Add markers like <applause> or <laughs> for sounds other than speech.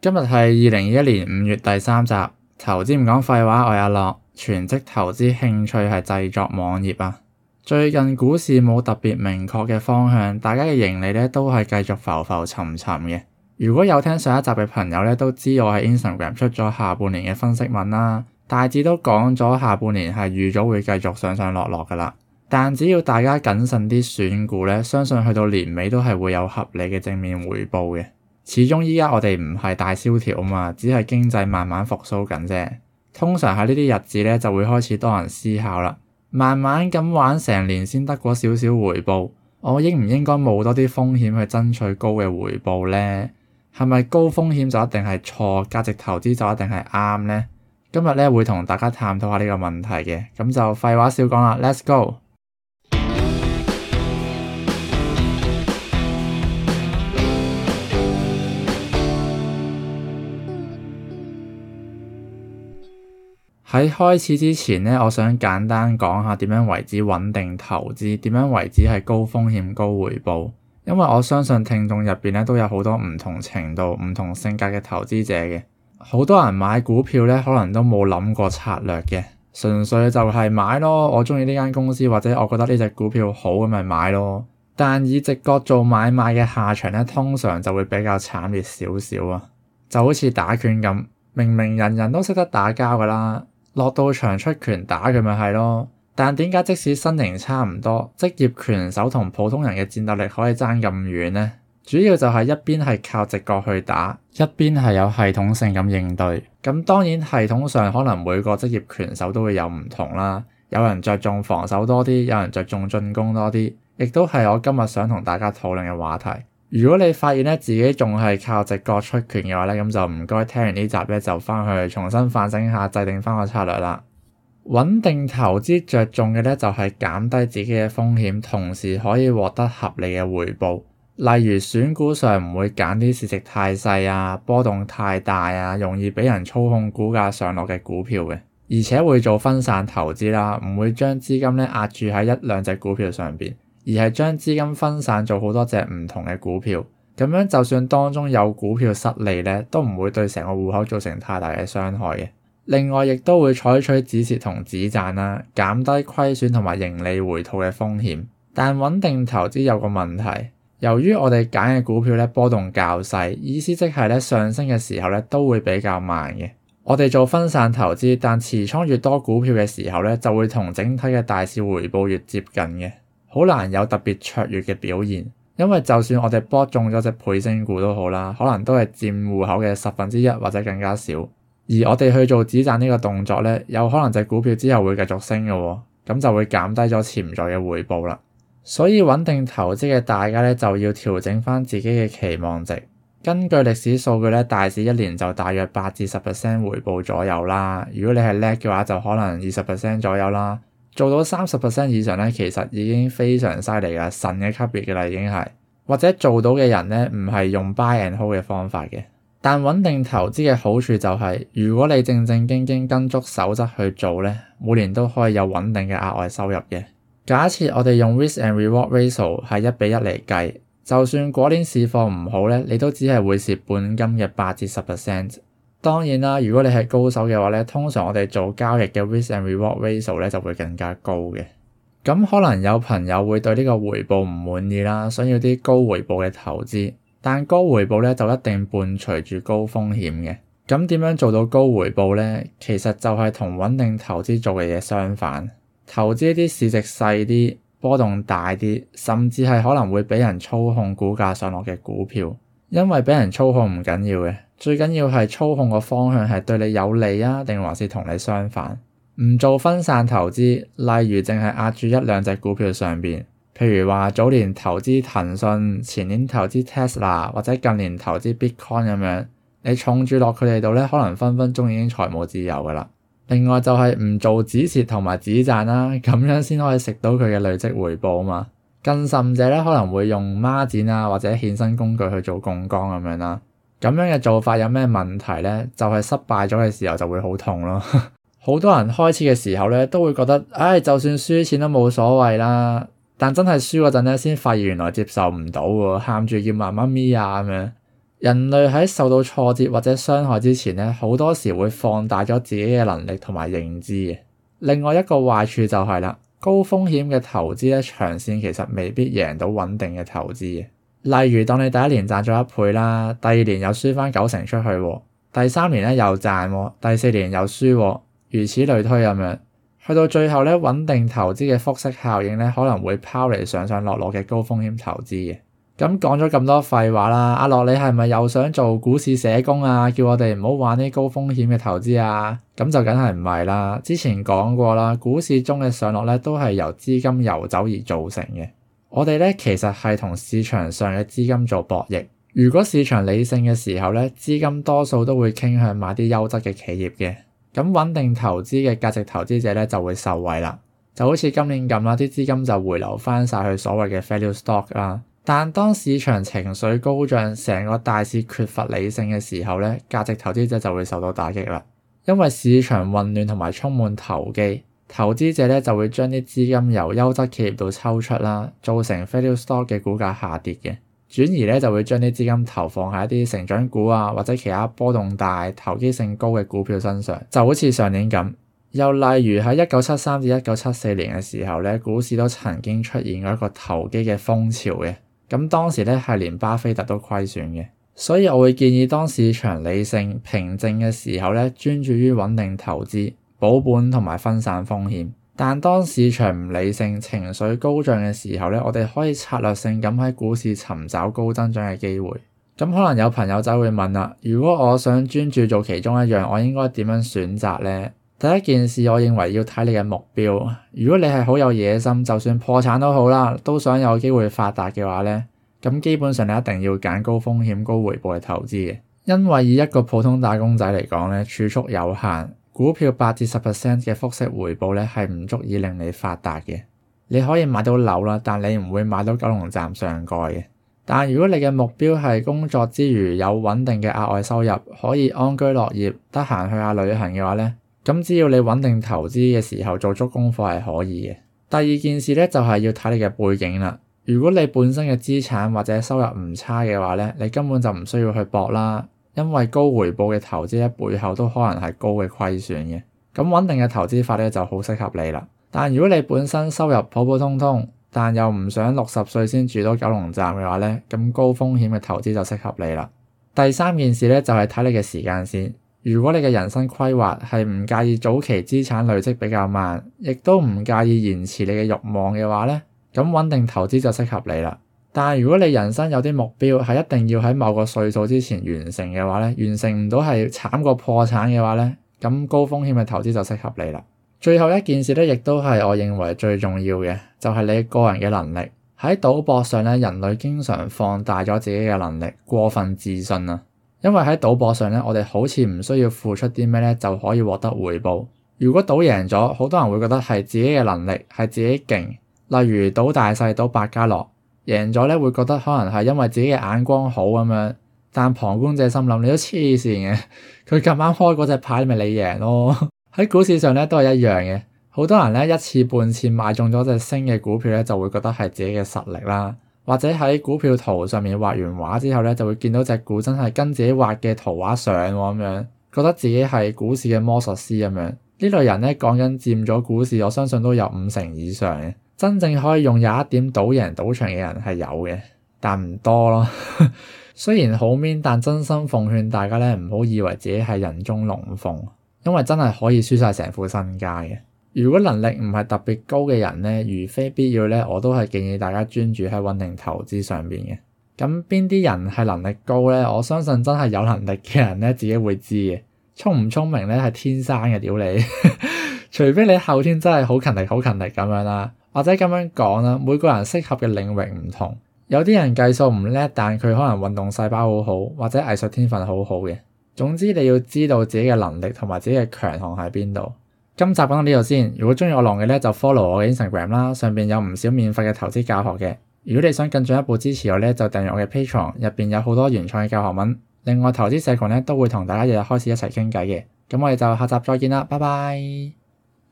今日係二零二一年五月第三集，投資唔講廢話，我阿樂全職投資興趣係製作網頁啊。最近股市冇特別明確嘅方向，大家嘅盈利咧都係繼續浮浮沉沉嘅。如果有聽上一集嘅朋友咧，都知我喺 Instagram 出咗下半年嘅分析文啦，大致都講咗下半年係預咗會繼續上上落落噶啦。但只要大家謹慎啲選股咧，相信去到年尾都係會有合理嘅正面回報嘅。始終依家我哋唔係大蕭條啊嘛，只係經濟慢慢復甦緊啫。通常喺呢啲日子咧就會開始多人思考啦。慢慢咁玩成年先得嗰少少回報，我應唔應該冒多啲風險去爭取高嘅回報咧？係咪高風險就一定係錯，價值投資就一定係啱咧？今日咧會同大家探討下呢個問題嘅，咁就廢話少講啦，Let's go！喺開始之前呢，我想簡單講下點樣為之穩定投資，點樣為之係高風險高回報。因為我相信聽眾入邊咧都有好多唔同程度、唔同性格嘅投資者嘅。好多人買股票咧，可能都冇諗過策略嘅，純粹就係買咯。我中意呢間公司或者我覺得呢隻股票好咁咪買咯。但以直覺做買賣嘅下場咧，通常就會比較慘烈少少啊。就好似打拳咁，明明人人都識得打交噶啦。落到場出拳打佢咪係咯？但點解即使身型差唔多，職業拳手同普通人嘅戰鬥力可以爭咁遠呢？主要就係一邊係靠直覺去打，一邊係有系統性咁應對。咁當然系統上可能每個職業拳手都會有唔同啦，有人着重防守多啲，有人着重進攻多啲，亦都係我今日想同大家討論嘅話題。如果你發現咧自己仲係靠直覺出拳嘅話咧，咁就唔該聽完呢集咧就翻去重新反省下，制定翻個策略啦。穩定投資着重嘅咧就係減低自己嘅風險，同時可以獲得合理嘅回報。例如選股上唔會揀啲市值太細啊、波動太大啊、容易俾人操控股價上落嘅股票嘅，而且會做分散投資啦，唔會將資金咧壓住喺一兩隻股票上面。而係將資金分散做好多隻唔同嘅股票，咁樣就算當中有股票失利咧，都唔會對成個戶口造成太大嘅傷害嘅。另外，亦都會採取止蝕同止賺啦，減低虧損同埋盈利回吐嘅風險。但穩定投資有個問題，由於我哋揀嘅股票咧波動較細，意思即係咧上升嘅時候咧都會比較慢嘅。我哋做分散投資，但持倉越多股票嘅時候咧，就會同整體嘅大市回報越接近嘅。好難有特別卓越嘅表現，因為就算我哋博中咗隻倍升股都好啦，可能都係佔戶口嘅十分之一或者更加少。而我哋去做止賺呢個動作呢，有可能隻股票之後會繼續升嘅喎，咁就會減低咗潛在嘅回報啦。所以穩定投資嘅大家呢，就要調整翻自己嘅期望值。根據歷史數據呢，大市一年就大約八至十 percent 回報左右啦。如果你係叻嘅話，就可能二十 percent 左右啦。做到三十 percent 以上咧，其實已經非常犀利噶，神嘅級別嘅啦，已經係或者做到嘅人咧，唔係用 buy and hold 嘅方法嘅。但穩定投資嘅好處就係、是，如果你正正經經跟足守則去做咧，每年都可以有穩定嘅額外收入嘅。假設我哋用 risk and reward ratio 係一比一嚟計，就算嗰年市況唔好咧，你都只係會蝕本金嘅八至十 percent。當然啦，如果你係高手嘅話咧，通常我哋做交易嘅 risk and reward ratio 咧就會更加高嘅。咁可能有朋友會對呢個回報唔滿意啦，想要啲高回報嘅投資，但高回報咧就一定伴隨住高風險嘅。咁點樣做到高回報咧？其實就係同穩定投資做嘅嘢相反，投資一啲市值細啲、波動大啲，甚至係可能會俾人操控股價上落嘅股票，因為俾人操控唔緊要嘅。最緊要係操控個方向係對你有利啊，定還是同你相反？唔做分散投資，例如淨係壓住一兩隻股票上邊，譬如話早年投資騰訊、前年投資 Tesla 或者近年投資 Bitcoin 咁樣，你重注落佢哋度咧，可能分分鐘已經財務自由噶啦。另外就係唔做止蝕同埋止賺啦，咁樣先可以食到佢嘅累積回報啊嘛。更甚者咧，可能會用孖展啊或者衍生工具去做槓桿咁樣啦。咁樣嘅做法有咩問題呢？就係、是、失敗咗嘅時候就會好痛咯。 <laughs> 好多人開始嘅時候咧都會覺得，唉、哎，就算輸錢都冇所謂啦。但真係輸嗰陣咧，先發現原來接受唔到喎，喊住要慢慢咪啊咁樣。人類喺受到挫折或者傷害之前呢，好多時會放大咗自己嘅能力同埋認知。另外一個壞處就係啦，高風險嘅投資咧，長線其實未必贏到穩定嘅投資。例如當你第一年賺咗一倍啦，第二年又輸翻九成出去，第三年咧又賺，第四年又輸，如此類推咁樣，去到最後咧，穩定投資嘅複息效應咧，可能會拋嚟上上落落嘅高風險投資嘅。咁講咗咁多廢話啦，阿樂你係咪又想做股市社工啊？叫我哋唔好玩啲高風險嘅投資啊？咁就梗係唔係啦。之前講過啦，股市中嘅上落咧都係由資金游走而造成嘅。我哋咧其實係同市場上嘅資金做博弈。如果市場理性嘅時候咧，資金多數都會傾向買啲優質嘅企業嘅，咁穩定投資嘅價值投資者咧就會受惠啦。就好似今年咁啦，啲資金就回流翻晒去所謂嘅 value stock 啦。但當市場情緒高漲，成個大市缺乏理性嘅時候咧，價值投資者就會受到打擊啦，因為市場混亂同埋充滿投機。投資者咧就會將啲資金由優質企業度抽出啦，造成 failure stock 嘅股價下跌嘅，轉而咧就會將啲資金投放喺一啲成長股啊，或者其他波動大、投機性高嘅股票身上，就好似上年咁。又例如喺一九七三至一九七四年嘅時候咧，股市都曾經出現過一個投機嘅風潮嘅，咁當時咧係連巴菲特都虧損嘅，所以我會建議當市場理性平靜嘅時候咧，專注於穩定投資，保本同埋分散風險，但當市場唔理性、情緒高漲嘅時候咧，我哋可以策略性咁喺股市尋找高增長嘅機會。咁可能有朋友仔會問啦：如果我想專注做其中一樣，我應該點樣選擇咧？第一件事，我認為要睇你嘅目標。如果你係好有野心，就算破產都好啦，都想有機會發達嘅話咧，咁基本上你一定要揀高風險高回報嘅投資嘅，因為以一個普通打工仔嚟講咧，儲蓄有限。股票八至十 percent 嘅複息回報咧，係唔足以令你發達嘅。你可以買到樓啦，但你唔會買到九龍站上蓋嘅。但如果你嘅目標係工作之餘有穩定嘅額外收入，可以安居樂業，得閒去下旅行嘅話咧，咁只要你穩定投資嘅時候做足功課係可以嘅。第二件事咧就係要睇你嘅背景啦。如果你本身嘅資產或者收入唔差嘅話咧，你根本就唔需要去博啦。因為高回報嘅投資，一背後都可能係高嘅虧損嘅。咁穩定嘅投資法咧就好適合你啦。但如果你本身收入普普通通，但又唔想六十歲先住到九龍站嘅話咧，咁高風險嘅投資就適合你啦。第三件事咧就係睇你嘅時間線。如果你嘅人生規劃係唔介意早期資產累積比較慢，亦都唔介意延遲你嘅慾望嘅話咧，咁穩定投資就適合你啦。但係如果你人生有啲目標係一定要喺某個歲數之前完成嘅話咧，完成唔到係慘過破產嘅話咧，咁高風險嘅投資就適合你啦。最後一件事咧，亦都係我認為最重要嘅，就係你個人嘅能力。喺賭博上咧，人類經常放大咗自己嘅能力，過分自信啊。因為喺賭博上咧，我哋好似唔需要付出啲咩咧就可以獲得回報。如果賭贏咗，好多人會覺得係自己嘅能力係自己勁，例如賭大細、賭百家樂。6, 贏咗咧，會覺得可能係因為自己嘅眼光好咁樣，但旁觀者心諗你都黐線嘅。佢咁啱開嗰隻牌咪你贏咯。喺 <laughs> 股市上咧都係一樣嘅。好多人咧一次半次買中咗隻升嘅股票咧，就會覺得係自己嘅實力啦。或者喺股票圖上面畫完畫之後咧，就會見到隻股真係跟自己畫嘅圖畫上咁樣，覺得自己係股市嘅魔術師咁樣。呢類人咧講緊佔咗股市，我相信都有五成以上嘅。真正可以用廿一點賭贏賭場嘅人係有嘅，但唔多咯。 <laughs> 雖然好 mean，但真心奉勸大家咧，唔好以為自己係人中龍鳳，因為真係可以輸晒成副身家嘅。如果能力唔係特別高嘅人咧，如非必要咧，我都係建議大家專注喺穩定投資上邊嘅。咁邊啲人係能力高咧？我相信真係有能力嘅人咧，自己會知嘅。聰唔聰明咧係天生嘅屌你， <laughs> 除非你後天真係好勤力好勤力咁樣啦。或者咁樣講啦，每個人適合嘅領域唔同，有啲人計數唔叻，但佢可能運動細胞好好，或者藝術天分好好嘅。總之你要知道自己嘅能力同埋自己嘅強項喺邊度。今集講到呢度先。如果中意我浪嘅咧，就 follow 我嘅 Instagram 啦，上邊有唔少免費嘅投資教學嘅。如果你想更進一步支持我咧，就訂閱我嘅 Patreon，入邊有好多原創嘅教學文。另外投資社群咧都會同大家日日開始一齊傾偈嘅。咁我哋就下集再見啦，拜拜。